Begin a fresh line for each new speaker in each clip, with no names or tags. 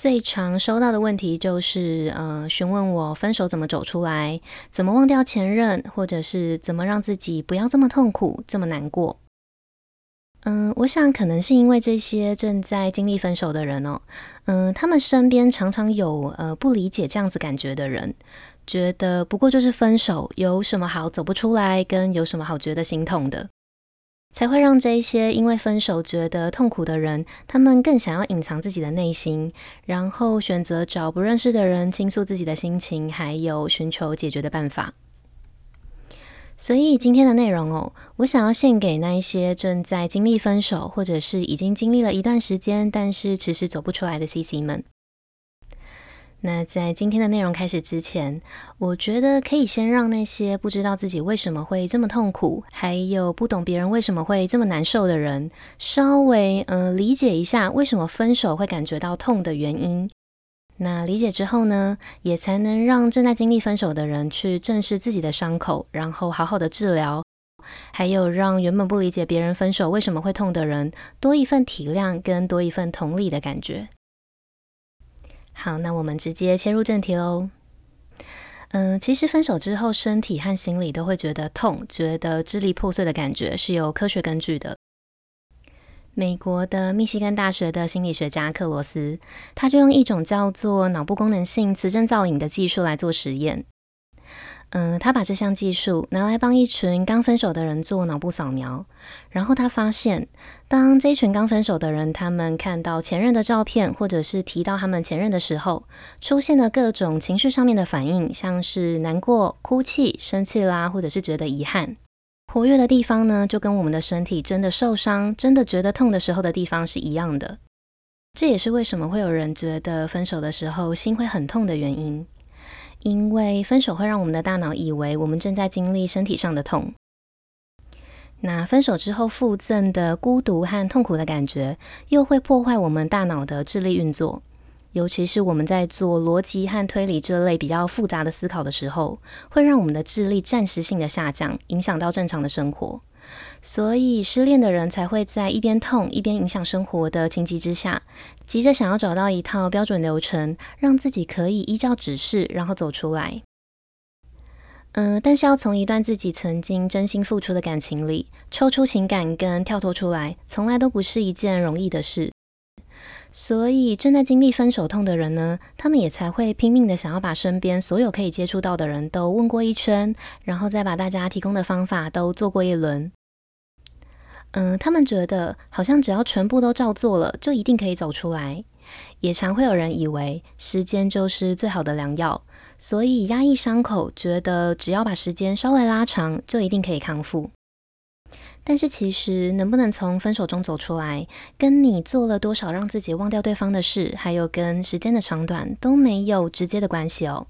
最常收到的問題就是，呃，詢問我分手怎麼走出來，怎麼忘掉前任，或者是怎麼讓自己不要這麼痛苦、這麼難過。嗯、呃，我想可能是因為這些正在經歷分手的人哦，嗯、呃，他們身邊常常有呃不理解這樣子感覺的人，覺得不過就是分手有什麼好走不出來，跟有什麼好覺得心痛的。才會讓這些因為分手覺得痛苦的人，他們更想要隱藏自己的內心，然後選擇找不認識的人傾訴自己的心情，還有尋求解決的辦法。所以今天的內容哦，我想要獻給那一些正在經歷分手，或者是已經經歷了一段時間，但是遲遲走不出來的 CC 們。那在今天的內容開始之前，我覺得可以先讓那些不知道自己為什麼會這麼痛苦，還有不懂別人為什麼會這麼難受的人，稍微嗯，呃，理解一下為什麼分手會感覺到痛的原因。那理解之後呢，也才能讓正在經歷分手的人去正視自己的傷口，然後好好的治療，還有讓原本不理解別人分手為什麼會痛的人多一份體諒跟多一份同理的感覺。好，那我們直接切入正題嘍。嗯、呃，其實分手之後，身體和心理都會覺得痛，覺得支離破碎的感覺是有科學根據的。美國的密西根大學的心理學家克羅斯，他就用一種叫做腦部功能性磁振造影的技術來做實驗。嗯，他把這項技術拿來幫一群剛分手的人做腦部掃描，然後他發現，當這一群剛分手的人，他們看到前任的照片，或者是提到他們前任的時候，出現了各種情緒上面的反應，像是難過、哭泣、生氣啦、啊，或者是覺得遺憾。活躍的地方呢，就跟我們的身體真的受傷、真的覺得痛的時候的地方是一樣的。這也是為什麼會有人覺得分手的時候心會很痛的原因。因為分手會讓我們的大腦以為我們正在經歷身體上的痛，那分手之後附贈的孤獨和痛苦的感覺，又會破壞我們大腦的智力運作，尤其是我們在做邏輯和推理這類比較複雜的思考的時候，會讓我們的智力暫時性的下降，影響到正常的生活，所以失戀的人才會在一邊痛一邊影響生活的情急之下。急着想要找到一套標準流程，讓自己可以依照指示，然後走出來。嗯、呃，但是要從一段自己曾經真心付出的感情裡抽出情感跟跳脫出來，從來都不是一件容易的事。所以正在經歷分手痛的人呢，他們也才會拼命的想要把身邊所有可以接觸到的人都問過一圈，然後再把大家提供的方法都做過一輪。嗯，他們覺得好像只要全部都照做了，就一定可以走出來。也常會有人以為時間就是最好的良藥，所以壓抑傷口，覺得只要把時間稍微拉長，就一定可以康復。但是其實，能不能從分手中走出來，跟你做了多少讓自己忘掉對方的事，還有跟時間的長短都沒有直接的關係哦。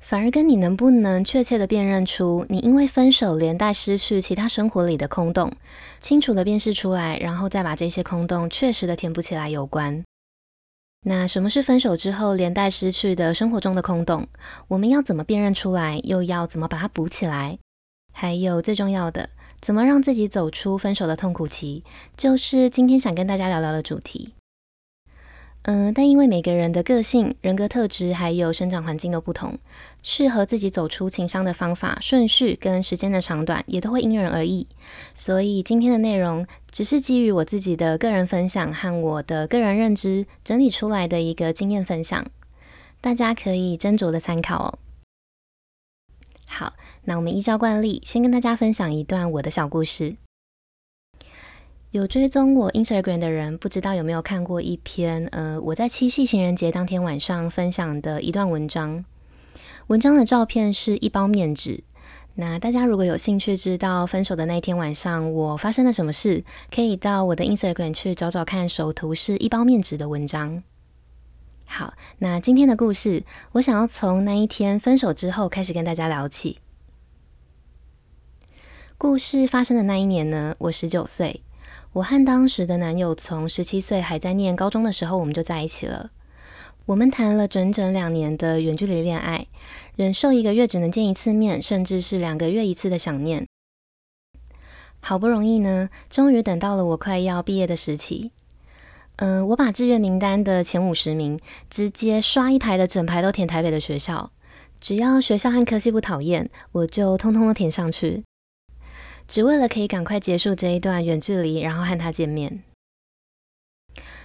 反而跟你能不能確切的辨認出你因為分手連帶失去其他生活裡的空洞，清楚的辨識出來，然後再把這些空洞確實的填補起來有關。那什麼是分手之後連帶失去的生活中的空洞？我們要怎麼辨認出來，又要怎麼把它補起來？還有最重要的，怎麼讓自己走出分手的痛苦期，就是今天想跟大家聊聊的主題。嗯，但因為每個人的個性、人格特質，還有生長環境都不同，適合自己走出情傷的方法、順序跟時間的長短，也都會因人而異。所以今天的內容只是基於我自己的個人分享和我的個人認知整理出來的一個經驗分享，大家可以斟酌的參考哦。好，那我們依照慣例，先跟大家分享一段我的小故事。有追蹤我 Instagram 的人，不知道有沒有看過一篇呃，我在七夕情人節當天晚上分享的一段文章。文章的照片是一包面紙。那大家如果有興趣知道分手的那一天晚上我發生了什麼事，可以到我的 Instagram 去找找看。首圖是一包面紙的文章。好，那今天的故事，我想要從那一天分手之後開始跟大家聊起。故事發生的那一年呢，我十九歲。我和當時的男友從十七歲還在念高中的時候，我們就在一起了。我們談了整整兩年的遠距離戀愛，忍受一個月只能見一次面，甚至是兩個月一次的想念。好不容易呢，終於等到了我快要畢業的時期。嗯、呃，我把志願名單的前五十名直接刷一排的整排都填台北的學校，只要學校和科系不討厭，我就通通都填上去。只為了可以趕快結束這一段遠距離，然後和他見面。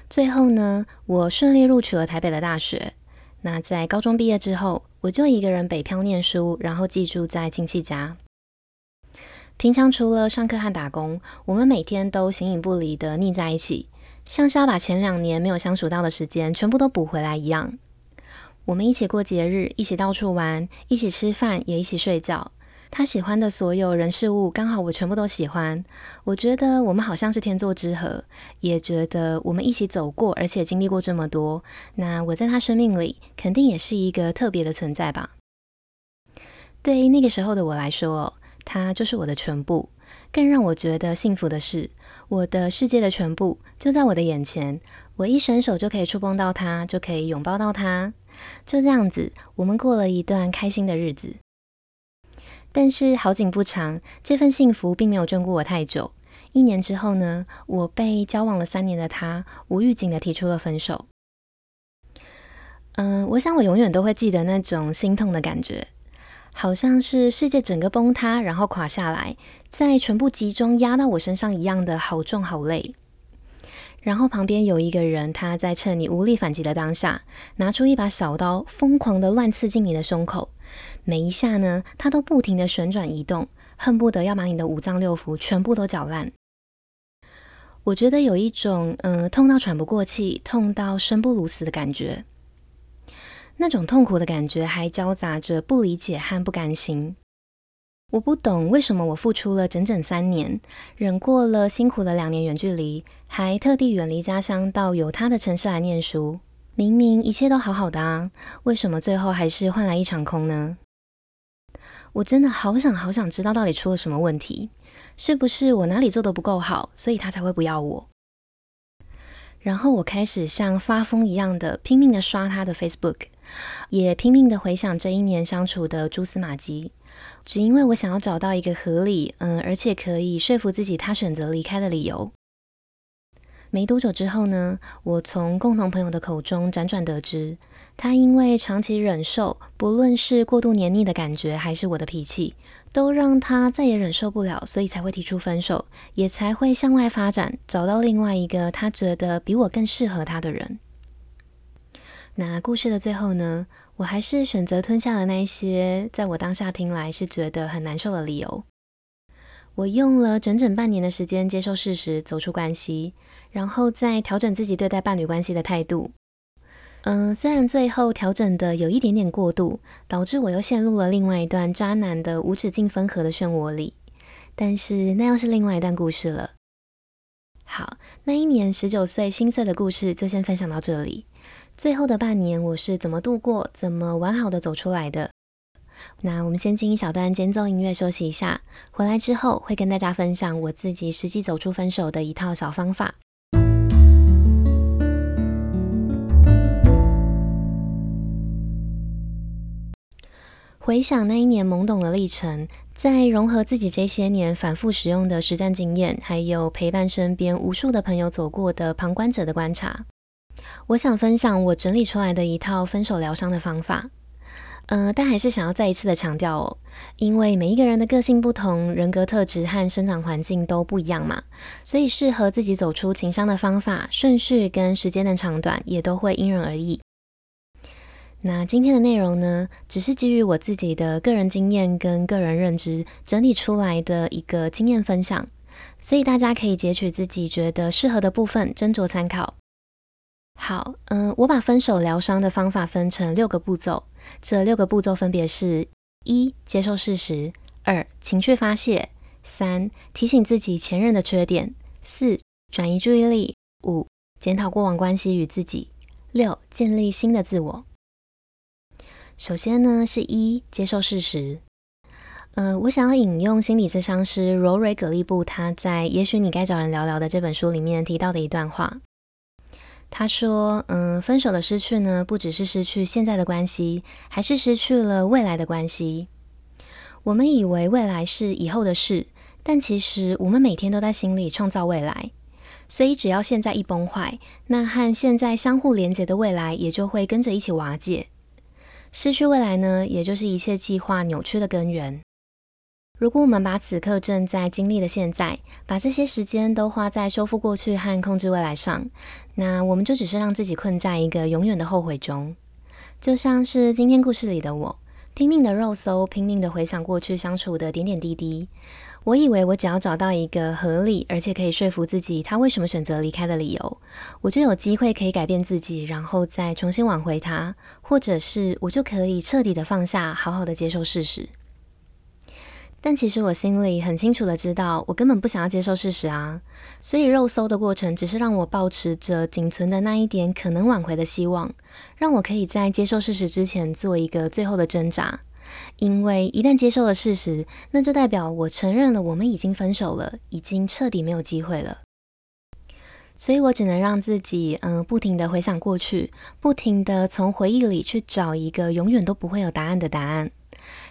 最後呢，我順利錄取了台北的大學。那在高中畢業之後，我就一個人北漂念書，然後寄住在親戚家。平常除了上課和打工，我們每天都形影不離的膩在一起，像是要把前兩年沒有相處到的時間全部都補回來一樣。我們一起過節日，一起到處玩，一起吃飯，也一起睡覺。他喜歡的所有人事物，剛好我全部都喜歡。我覺得我們好像是天作之合，也覺得我們一起走過，而且經歷過這麼多。那我在他生命裡，肯定也是一個特別的存在吧。對於那個時候的我來說，他就是我的全部。更讓我覺得幸福的是，我的世界的全部就在我的眼前，我一伸手就可以觸碰到他，就可以擁抱到他。就這樣子，我們過了一段開心的日子。但是好景不長，這份幸福並沒有眷顧我太久。一年之後呢，我被交往了三年的他無預警的提出了分手。嗯、呃，我想我永遠都會記得那種心痛的感覺，好像是世界整個崩塌，然後垮下來，再全部集中壓到我身上一樣的好重好累。然後旁邊有一個人，他在趁你無力反擊的當下，拿出一把小刀，瘋狂地亂刺進你的胸口。每一下呢，它都不停的旋轉移動，恨不得要把你的五臟六腑全部都攪爛。我覺得有一種，嗯、呃，痛到喘不過氣，痛到生不如死的感覺。那種痛苦的感覺還夾雜着不理解和不甘心。我不懂為什麼我付出了整整三年，忍過了辛苦了兩年遠距離，還特地遠離家鄉到有他的城市來念書。明明一切都好好的啊，為什麼最後還是換來一場空呢？我真的好想好想知道到底出了什麼問題，是不是我哪裡做得不夠好，所以他才會不要我？然後我開始像發瘋一樣的拼命的刷他的 Facebook，也拼命的回想這一年相處的蛛絲馬跡，只因為我想要找到一個合理，嗯、呃，而且可以說服自己他選擇離開的理由。沒多久之後呢，我從共同朋友的口中輾轉得知。他因為長期忍受，不論是過度黏膩的感覺，還是我的脾氣，都讓他再也忍受不了，所以才會提出分手，也才會向外發展，找到另外一個他覺得比我更適合他的人。那故事的最後呢，我還是選擇吞下了那些在我當下聽來是覺得很難受的理由。我用了整整半年的時間接受事實，走出關係，然後再調整自己對待伴侶關係的態度。嗯，雖然最後調整的有一點點過度，導致我又陷入了另外一段渣男的無止境分合的漩渦裡，但是那又是另外一段故事了。好，那一年十九歲心碎的故事就先分享到這裡。最後的半年我是怎麼度過，怎麼完好的走出來的？那我們先進一小段間奏音樂休息一下，回來之後會跟大家分享我自己實際走出分手的一套小方法。回想那一年懵懂的歷程，再融合自己這些年反覆使用的實戰經驗，還有陪伴身邊無數的朋友走過的旁觀者的觀察，我想分享我整理出來的一套分手療傷的方法。呃，但還是想要再一次的強調哦，因為每一個人的個性不同，人格特質和生長環境都不一樣嘛，所以適合自己走出情傷的方法、順序跟時間的長短，也都會因人而異。那今天的內容呢，只是基於我自己的個人經驗跟個人認知整理出來的一個經驗分享，所以大家可以截取自己覺得適合的部分斟酌參考。好，嗯、呃，我把分手療傷的方法分成六個步驟，這六個步驟分別是：一、接受事實；二、情緒發洩；三、提醒自己前任的缺點；四、轉移注意力；五、檢討過往關係與自己；六、建立新的自我。.首先呢，是一接受事實。呃，我想要引用心理諮商師蘿蕊葛利布他在《也許你該找人聊聊》的這本書裡面提到的一段話。他說：“嗯、呃，分手的失去呢，不只是失去現在的關係，還是失去了未來的關係。我們以為未來是以後的事，但其實我們每天都在心裡創造未來。所以，只要現在一崩壞，那和現在相互連結的未來也就會跟着一起瓦解。”失去未來呢，也就是一切計劃扭曲的根源。如果我們把此刻正在經歷的現在，把這些時間都花在修復過去和控制未來上，那我們就只是讓自己困在一個永遠的後悔中。就像是今天故事裡的我，拼命的肉搜，拼命的回想過去相處的點點滴滴。我以為我只要找到一個合理而且可以說服自己他為什麼選擇離開的理由，我就有機會可以改變自己，然後再重新挽回他，或者是我就可以徹底的放下，好好的接受事實。但其實我心裡很清楚的知道，我根本不想要接受事實啊，所以肉搜的過程只是讓我保持着僅存的那一點可能挽回的希望，讓我可以在接受事實之前做一個最後的掙扎。因為一旦接受了事實，那就代表我承認了我們已經分手了，已經徹底沒有機會了。所以我只能讓自己，嗯、呃，不停地回想過去，不停地從回憶裡去找一個永遠都不會有答案的答案，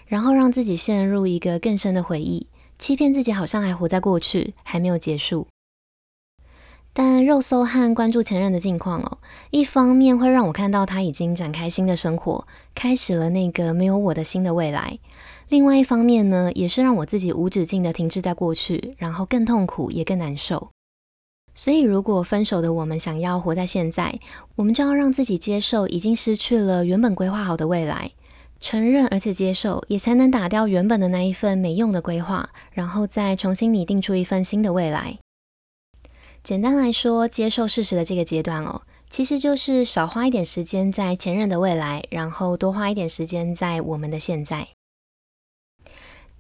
然後讓自己陷入一個更深的回憶，欺騙自己好像還活在過去，還沒有結束。但肉搜和關注前任的近況哦，一方面會讓我看到他已經展開新的生活，開始了那個沒有我的新的未來；另外一方面呢，也是讓我自己無止境的停滯在過去，然後更痛苦也更難受。所以，如果分手的我們想要活在現在，我們就要讓自己接受已經失去了原本規劃好的未來，承認而且接受，也才能打掉原本的那一份沒用的規劃，然後再重新擬定出一份新的未來。簡單來說，接受事實的這個階段哦，其實就是少花一點時間在前任的未來，然後多花一點時間在我們的現在。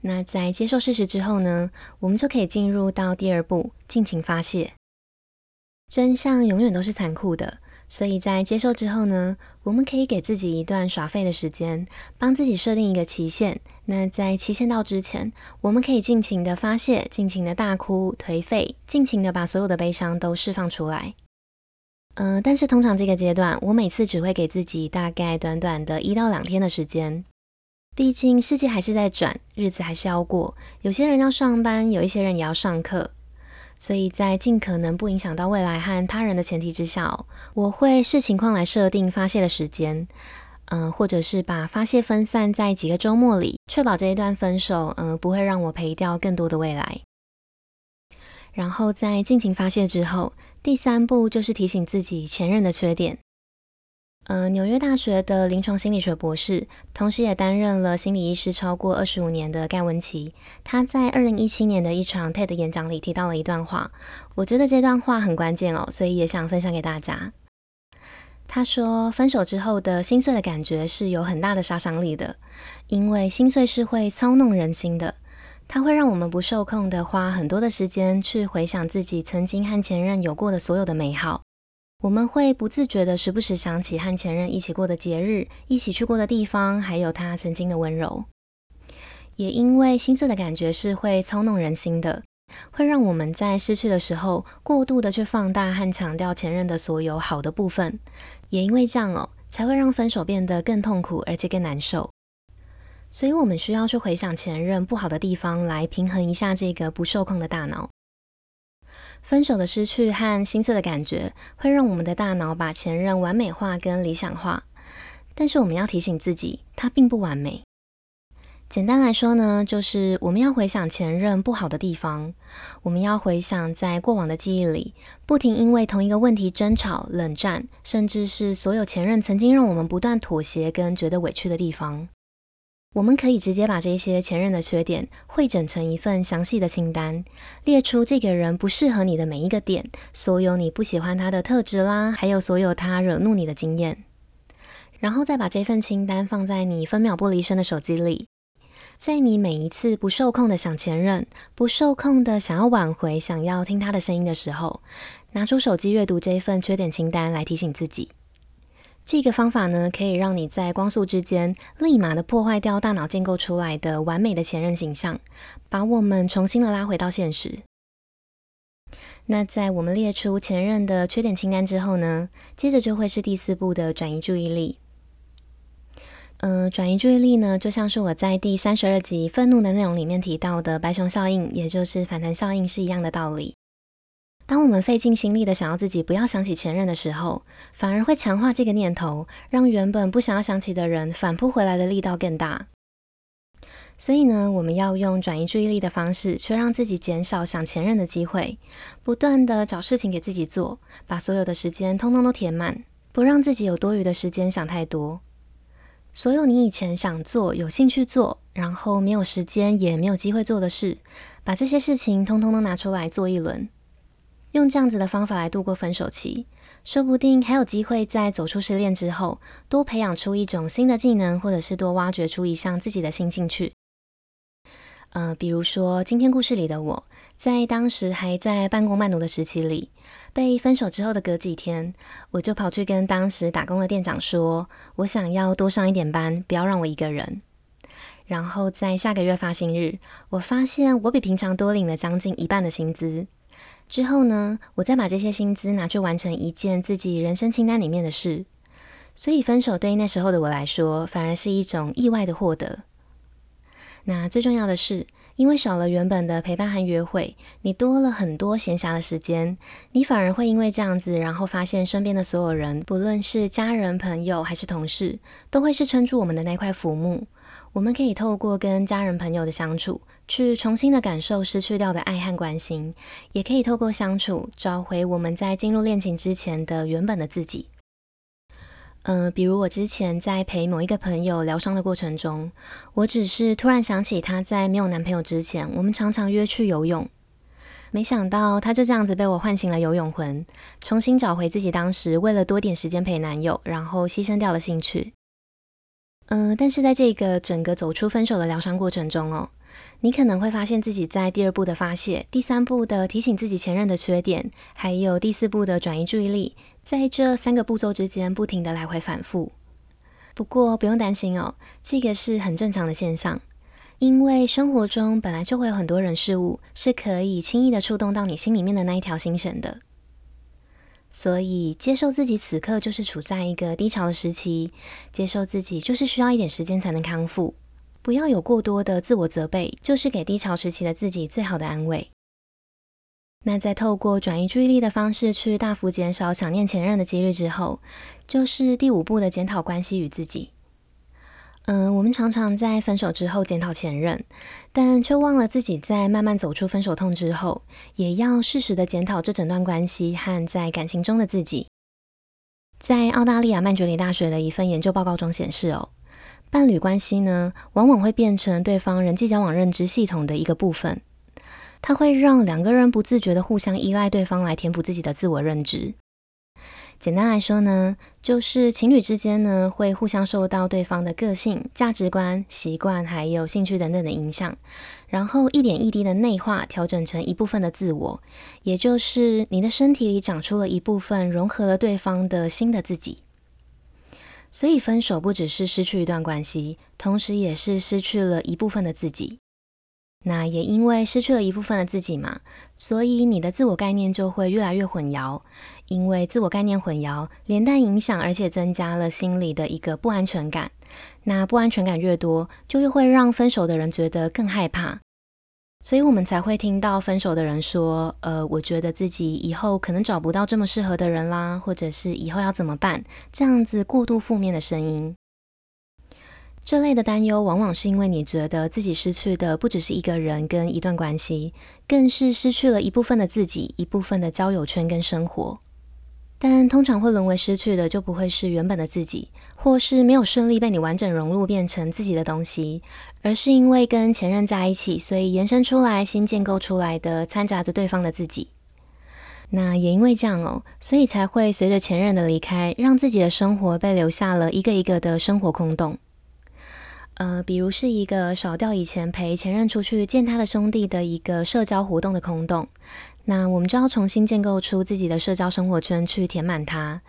那在接受事實之後呢，我們就可以進入到第二步，盡情發洩。真相永遠都是殘酷的，所以在接受之後呢，我們可以給自己一段耍廢的時間，幫自己設定一個期限。那在期限到之前，我們可以盡情的發洩，盡情的大哭頹廢，盡情的把所有的悲傷都釋放出來。嗯、呃，但是通常這個階段，我每次只會給自己大概短短的一到兩天的時間。畢竟世界還是在轉，日子還是要過。有些人要上班，有一些人也要上課。所以在盡可能不影響到未來和他人的前提之下，我會視情況來設定發洩的時間，嗯、呃，或者是把發洩分散在幾個周末裡，確保這一段分手，嗯、呃，不會讓我賠掉更多的未來。然後在盡情發洩之後，第三步就是提醒自己前任的缺點。呃，紐約大學的臨床心理學博士，同時也擔任了心理醫師超過二十五年的蓋溫奇，他在二零一七年的一場 TED 演講裡提到了一段話，我覺得這段話很關鍵哦，所以也想分享給大家。他說，分手之後的心碎的感覺是有很大的殺傷力的，因為心碎是會操弄人心的，它會讓我們不受控的花很多的時間去回想自己曾經和前任有過的所有的美好。我們會不自覺的時不時想起和前任一起過的節日，一起去過的地方，還有他曾經的溫柔。也因為心碎的感覺是會操弄人心的，會讓我們在失去的時候過度的去放大和強調前任的所有好的部分。也因為這樣哦，才會讓分手變得更痛苦而且更難受。所以我們需要去回想前任不好的地方，來平衡一下這個不受控的大腦。分手的失去和心碎的感覺會讓我們的大腦把前任完美化跟理想化，但是我們要提醒自己，他並不完美。簡單來說呢，就是我們要回想前任不好的地方，我們要回想在過往的記憶裡，不停因為同一個問題爭吵、冷戰，甚至是所有前任曾經讓我們不斷妥協跟覺得委屈的地方。我們可以直接把這些前任的缺點匯整成一份詳細的清單，列出這個人不適合你的每一個點，所有你不喜歡他的特質啦，還有所有他惹怒你的經驗，然後再把這份清單放在你分秒不離身的手機裡，在你每一次不受控的想前任、不受控的想要挽回、想要聽他的聲音的時候，拿出手機閱讀這份缺點清單來提醒自己。這個方法呢，可以讓你在光速之間立馬的破壞掉大腦建構出來的完美的前任形象，把我們重新的拉回到現實。那在我們列出前任的缺點清單之後呢，接着就會是第四步的轉移注意力。嗯、呃，轉移注意力呢，就像是我在第三十二集憤怒的內容裡面提到的白熊效應，也就是反彈效應是一樣的道理。當我們費盡心力的想要自己不要想起前任的時候，反而會強化這個念頭，讓原本不想要想起的人反撲回來的力道更大。所以呢，我們要用轉移注意力的方式，去讓自己減少想前任的機會，不斷的找事情給自己做，把所有的時間通通都填滿，不讓自己有多餘的時間想太多。所有你以前想做、有興趣做，然後沒有時間也沒有機會做的事，把這些事情通通都拿出來做一輪。用這樣子的方法來度過分手期，說不定還有機會在走出失戀之後，多培養出一種新的技能，或者是多挖掘出一項自己的新興趣。呃，比如說今天故事裡的我，在當時還在半工半讀的時期裡，被分手之後的隔幾天，我就跑去跟當時打工的店長說，我想要多上一點班，不要讓我一個人。然後在下個月發薪日，我發現我比平常多領了將近一半的薪資。之後呢，我再把這些薪資拿去完成一件自己人生清單裡面的事。所以分手對於那時候的我來說，反而是一種意外的獲得。那最重要的是，因為少了原本的陪伴和約會，你多了很多閒暇的時間，你反而會因為這樣子，然後發現身邊的所有人，不論是家人、朋友還是同事，都會是撐住我們的那塊浮木。我們可以透過跟家人朋友的相處，去重新的感受失去掉的愛和關心，也可以透過相處找回我們在進入戀情之前的原本的自己。嗯、呃，比如我之前在陪某一個朋友療傷的過程中，我只是突然想起她在沒有男朋友之前，我們常常約去游泳，沒想到她就這樣子被我喚醒了游泳魂，重新找回自己當時為了多點時間陪男友，然後犧牲掉了興趣。嗯、呃，但是在這個整個走出分手的療傷過程中哦,你可能會發現自己在第二步的發洩，第三步的提醒自己前任的缺點，還有第四步的轉移注意力，在這三個步驟之間不停的來回反覆不過不用擔心哦，這個是很正常的現象，因為生活中本來就會有很多人事物是可以輕易的觸動到你心裡面的那一條心弦的。所以，接受自己此刻就是處在一個低潮的時期，接受自己就是需要一點時間才能康復，不要有過多的自我責備，就是給低潮時期的自己最好的安慰。那在透過轉移注意力的方式去大幅減少想念前任的幾率之後，就是第五步的檢討關係與自己。嗯、呃，我們常常在分手之後檢討前任，但卻忘了自己在慢慢走出分手痛之後，也要適時的檢討這整段關係和在感情中的自己。在澳大利亞曼杰里大學的一份研究報告中顯示，哦，伴侶關係呢，往往會變成對方人際交往認知系統的一個部分，它會讓兩個人不自覺的互相依賴對方來填補自己的自我認知。簡單來說呢，就是情侶之間呢會互相受到對方的個性、價值觀、習慣還有興趣等等的影響，然後一點一滴的內化，調整成一部分的自我，也就是你的身體裡長出了一部分融合了對方的新的自己。所以分手不只是失去一段關係，同時也是失去了一部分的自己。那也因為失去了一部分的自己嘛，所以你的自我概念就會越來越混淆。因為自我概念混淆連帶影響，而且增加了心理的一個不安全感。那不安全感越多，就越會讓分手的人覺得更害怕。所以我們才會聽到分手的人說：“呃，我覺得自己以後可能找不到這麼適合的人啦，或者是以後要怎麼辦？”這樣子過度負面的聲音。這類的擔憂，往往是因為你覺得自己失去的不只是一個人跟一段關係，更是失去了一部分的自己，一部分的交友圈跟生活。但通常會淪為失去的，就不會是原本的自己，或是沒有順利被你完整融入變成自己的東西，而是因為跟前任在一起，所以延伸出來新建構出來的摻雜着對方的自己。那也因為這樣哦，所以才會隨着前任的離開，讓自己的生活被留下了一個一個的生活空洞。呃，比如是一個少掉以前陪前任出去見他的兄弟的一個社交活動的空洞，那我們就要重新建構出自己的社交生活圈去填滿它。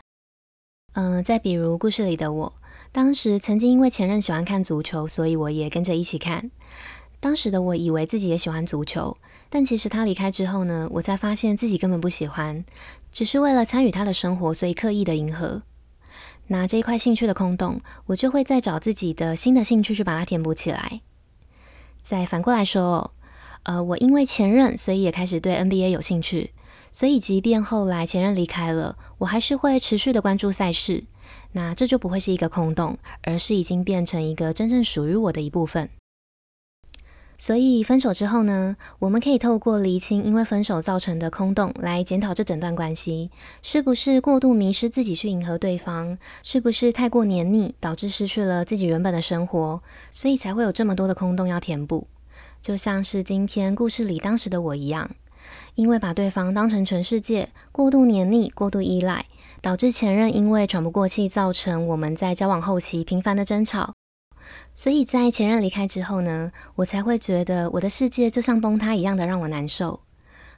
嗯、呃，再比如故事裡的我，當時曾經因為前任喜歡看足球，所以我也跟着一起看。當時的我以為自己也喜歡足球，但其實他離開之後呢，我才發現自己根本不喜歡，只是為了參與他的生活，所以刻意的迎合。那這一塊興趣的空洞，我就會再找自己的新的興趣去把它填補起來。再反過來說，呃，我因為前任，所以也開始對 NBA 有興趣，所以即便後來前任離開了，我還是會持續的關注賽事，那這就不會是一個空洞，而是已經變成一個真正屬於我的一部分。所以分手之後呢，我們可以透過釐清因為分手造成的空洞，來檢討這整段關係是不是過度迷失自己去迎合對方，是不是太過黏膩導致失去了自己原本的生活，所以才會有這麼多的空洞要填補。就像是今天故事裡當時的我一樣，因為把對方當成全世界，過度黏膩、過度依賴，導致前任因為喘不過氣，造成我們在交往後期頻繁的爭吵。所以在前任離開之後呢，我才會覺得我的世界就像崩塌一樣的讓我難受，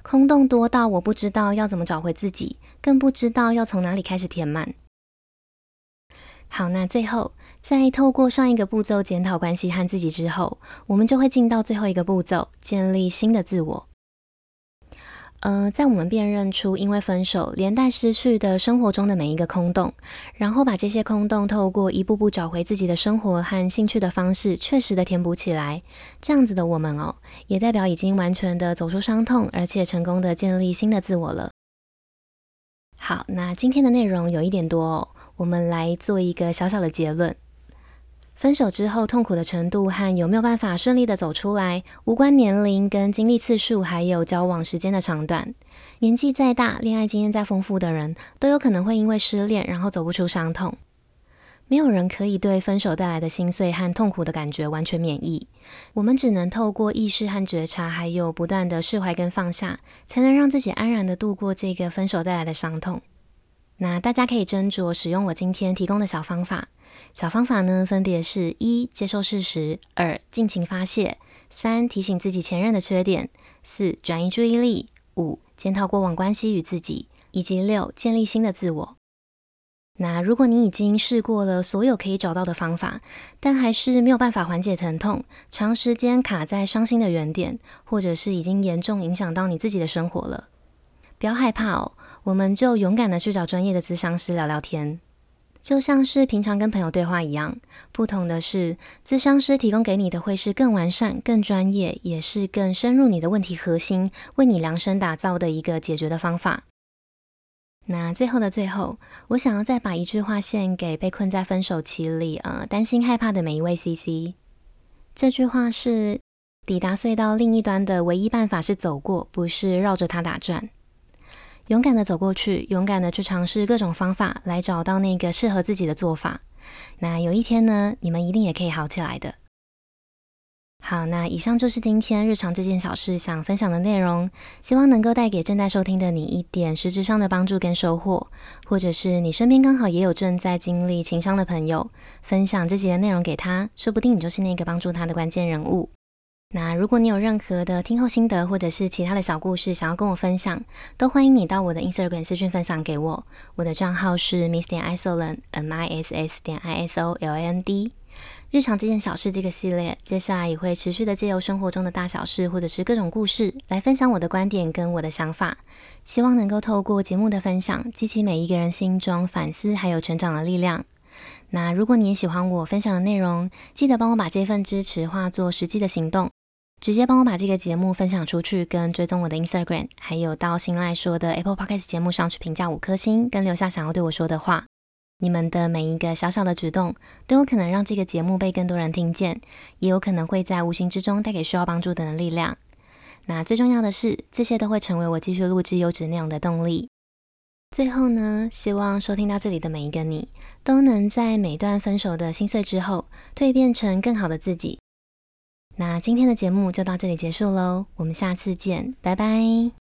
空洞多到我不知道要怎麼找回自己，更不知道要從哪裡開始填滿。好，那最後在透過上一個步驟檢討關係和自己之後，我們就會進到最後一個步驟，建立新的自我。嗯、呃，在我們辨認出因為分手連帶失去的生活中的每一個空洞，然後把這些空洞透過一步步找回自己的生活和興趣的方式，確實的填補起來，這樣子的我們哦，也代表已經完全的走出傷痛，而且成功的建立新的自我了。好，那今天的內容有一點多哦，我們來做一個小小的結論。分手之後痛苦的程度和有沒有辦法順利的走出來，無關年齡跟經歷次數，還有交往時間的長短。年紀再大，戀愛經驗再豐富的人，都有可能會因為失戀，然後走不出傷痛。沒有人可以對分手帶來的心碎和痛苦的感覺完全免疫。我們只能透過意識和覺察，還有不斷的釋懷跟放下，才能讓自己安然的度過這個分手帶來的傷痛。那大家可以斟酌使用我今天提供的小方法。小方法呢，分別是一接受事實，二盡情发泄，三提醒自己前任的缺點，四轉移注意力，五檢討過往關係與自己，以及六建立新的自我。那如果你已經試過了所有可以找到的方法，但還是沒有辦法緩解疼痛，長時間卡在傷心的原點，或者是已經嚴重影響到你自己的生活了，不要害怕哦，我們就勇敢的去找專業的諮商師聊聊天。就像是平常跟朋友對話一樣，不同的是，諮商師提供給你的會是更完善、更專業，也是更深入你的問題核心，為你量身打造的一個解決的方法。那最後的最後，我想要再把一句話獻給被困在分手期裡，呃，擔心害怕的每一位 CC。這句話是：抵達隧道另一端的唯一辦法是走過，不是繞着它打轉。勇敢的走過去，勇敢的去嘗試各種方法，來找到那個適合自己的做法。那有一天呢，你們一定也可以好起來的。好，那以上就是今天日常這件小事想分享的內容，希望能夠帶給正在收聽的你一點實質上的幫助跟收穫，或者是你身邊剛好也有正在經歷情傷的朋友，分享這集的內容給他，說不定你就是那個幫助他的關鍵人物。那如果你有任何的聽後心得，或者是其他的小故事想要跟我分享，都歡迎你到我的 Instagram 私訊分享給我。我的賬號是 Miss 點 Isoland M I S S 點 I S O L A N D。日常這件小事這個系列，接下來也會持續的借由生活中的大小事，或者是各種故事，來分享我的觀點跟我的想法。希望能夠透過節目的分享，激起每一個人心中反思還有成長的力量。那如果你也喜歡我分享的內容，記得幫我把這份支持化作實際的行動。直接幫我把這個節目分享出去，跟追蹤我的 Instagram，還有到心賴說的 Apple Podcast 節目上去評價五顆星，跟留下想要對我說的話。你們的每一個小小的舉動，都有可能讓這個節目被更多人聽見，也有可能會在無形之中帶給需要幫助的人力量。那最重要的是，這些都會成為我繼續錄製優質內容的動力。最後呢，希望收聽到這裡的每一個你，都能在每段分手的心碎之後，蛻變成更好的自己。那今天的節目就到這裡結束嘍，我們下次見，拜拜。